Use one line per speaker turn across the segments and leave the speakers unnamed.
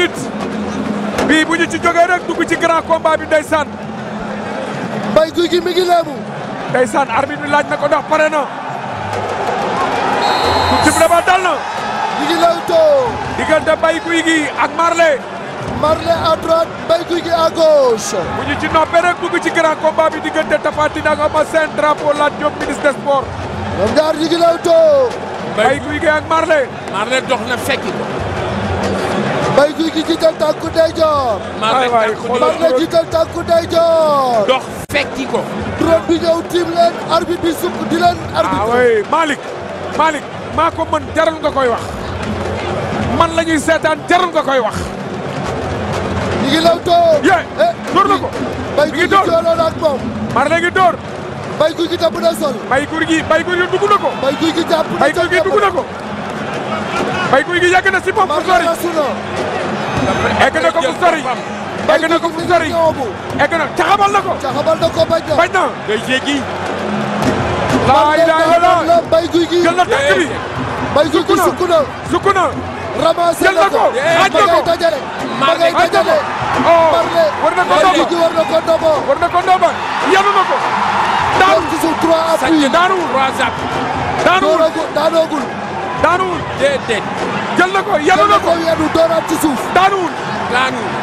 minutes bii bu ñu ci jógee rek dugg ci grand combat bi ndeysaan Mbaye Gouy Gui mi ngi leemu ndeysaan arbitre bi laaj na ko ndax pare na ku tib ba dal na mi ngi lewtoo diggante Mbaye Gouy ak Marley Marley à droite Mbaye Gouy Gui à gauche bu ñu ci noppee rek dugg ci grand combat bi diggante Tapha Tine ak Eumeu Sène drapeau laaj Diop ministre des sports ñoom ñaar ñi ngi lewtoo Mbaye Gouy dox na fekki Mbaye Gouy Gui jiital tànku ndeyjoor. Mar la jiital tànku ndeyjoor. dox fekki ko. drone bi ñëw tiim leen arbitre bi sukk di leen. arbitre ah oui Malick maa ko mën jarul nga koy wax man la ñuy seetaan jarul nga koy wax. ñu ngi law toog. yee eh, door na ko. mi ngi door Mbaye Gouy Gui jooloon ak moom. Mar ngi door. Mbaye Gouy Gui jàpp na sol. Mbaye Gouy Gui Mbaye Gouy na ko. Mbaye Gouy Gui jàpp na sol Mbaye Gouy Gui dugg na ko. Mbaye Gouy Gui yegg na si bopp fu sori egg na ko fu sori egg na ko fu sori egg na caxabal na ko caxabal na ko bañ na bañ na day jéggi laa ilaaha illallaah Mbaye Gouy Gui jël na tànk bi na sukk na na ko xaaj na ko ma ngay dajale oh war na ko na ko ndomba war na ko ndomba yanu na ko daanu daanu daanu daanu daanuwul déedéet jël na ko yenu na ko yenu dooraat ci suuf daanuwul daanuwul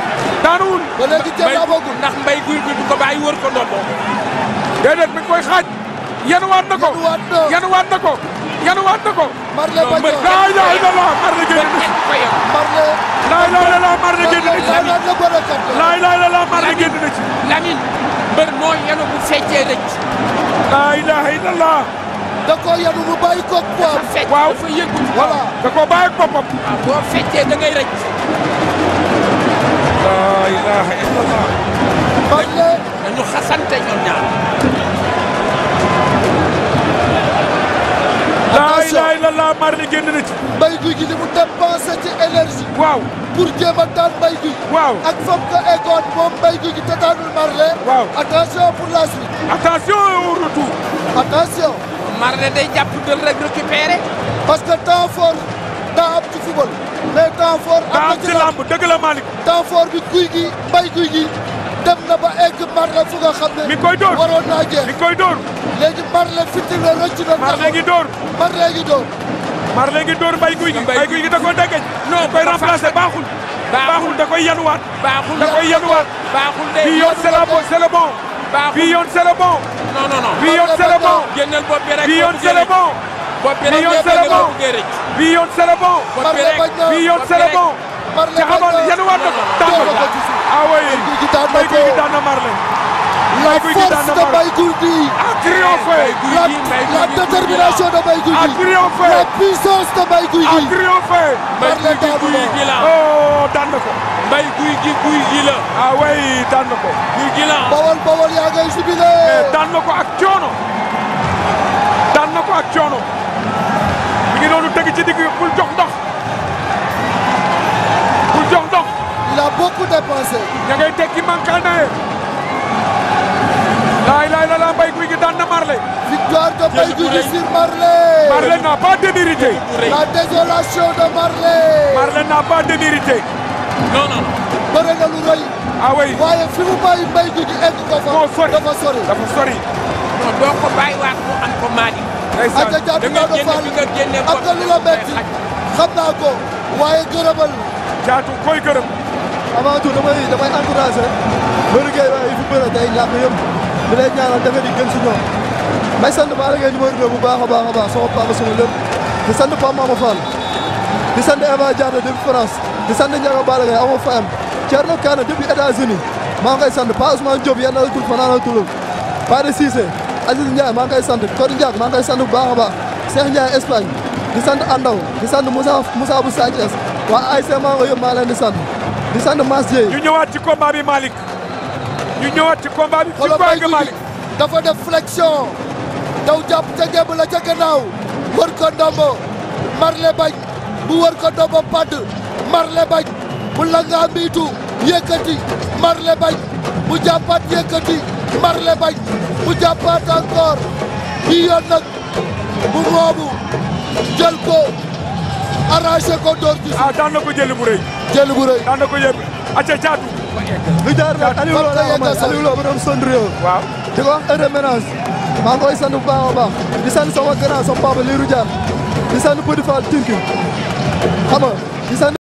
daanuwul ba léegi jël naa bëggul ndax mbay guy bi du ko bàyyi wër ko ndombo déedéet mi ngi koy xaaj yenuwaat na ko yenuwaat na ko yenuwaat na ko laa ilaha illallah na ci na ci lamin mbër mooy yenu bu seccee rëcc laa ilaha da koo yanu mu bàyyi koog poids. waaw dafa yëngu voilà da koo bàyyi boppam. boo feccee da ngay rëcc. laa ilaaha illallah. bañ la dañu xasante ñoom ñaar. laa ilaaha illallah Marley génn na ci. mbay guy gi li mu dépensé ci énergie. waaw pour jéem a daan mbay guy. waaw ak foog nga eggoon moom mbay guy gi te daanul Marley. waaw attention pour la suite. attention au retour. attention. Marley day jàpp dël rek récupérer parce que temps fort daa am ci football mais temps fort am na ci lamb dëgg la Malick temps guy gi mbay guy gi dem na ba egg Marley fu nga mi koy dóor waroon naa jeex mi koy dóor léegi Marley fitti la na Marley gi gi dóor Marley gi dóor mbay guy gi mbay guy gi da koy déggeej koy remplacer baaxul baaxul da koy yanuwaat baaxul da koy yanuwaat baaxul de bii yoon c'est le bon bii yoon c'est le bon non non non. bi yoon c'est le bon. génneel bopp bi rek bi yoon c'est le bon. bopp bi rek génne bopp ngay rëcc. bi yoon c'est le bon. bopp bi rek bi yoon c'est le bon. ca xamoon yan waat na ko. tàmbali ah oui. mbay guy gi daan na marle. mbay guy gi daan na marle. la force de Mbaye Gouy Gui. enfin la, la détermination de Mbaye Gouy Gui la puissance de Mbaye Gouy Gui. par le temps bu ne oh daan na ko. Mbaye Gouy Gui Gouy Gui la. ah oui daan na ko. Gouy Gui la bawol bawol yaa ngay jubilé. Eh, daan na ak coono daan na ak coono mi noonu tëgg ci digg bul jox ndox bul jox ndox. il a beaucoup dépensé. ña ngay tekki mankaane. victoire de Payguy sur Marley. Marley n'a pas démérité. La désolation de Marley. Marley n'a pas démérité. Ah waaye fi mu bàyyi Payguy ko fa. moo sori dafa sori dafa sori. non doo ko bàyyiwaat waaye gërëmal. jaatu koy gërëm. avant tout damay damay encouragé. mbëri Guèye waaye yu fi bëre tey ñàkk yëpp. di may sant Balla Gaye numéro 2 bu baax a baax a baax sama papa sama lépp di sant Pape Mama Fall di sant Eva Diarra depuis France di sant Ndiaga Balla Gaye ama fayam Thierno Kane depuis États-Unis maa ngi koy sant Pa Ousmane Diop yal na la tudd fanaan la tudd Pa de Cissé maa ngi koy sant Codé Ndiaye maa ngi koy sant bu baax a baax Cheikh Ndiaye Espagne di sant Andaw di sant Moussa Moussa bu Sathiès waa ASC Mango maa leen di sant di sant Mass Dieye ñu ci combat bi Malick ñu ñëwaat ci combat dafa def flexion daw jàpp ca la ca gannaaw ko ndombo marle bañ mu wër ko ndombo padd marle bañ mu langa mbiitu yëkkati marle bañ mu jàppaat yëkkati marle bañ mu jàppaat encore bi yoon nag mu moomu jël ko arraché ko door ci ah na ko jël bu jël bu di ko wax heureux ménage maa ngi koy sant bu baax a baax di sant sama grand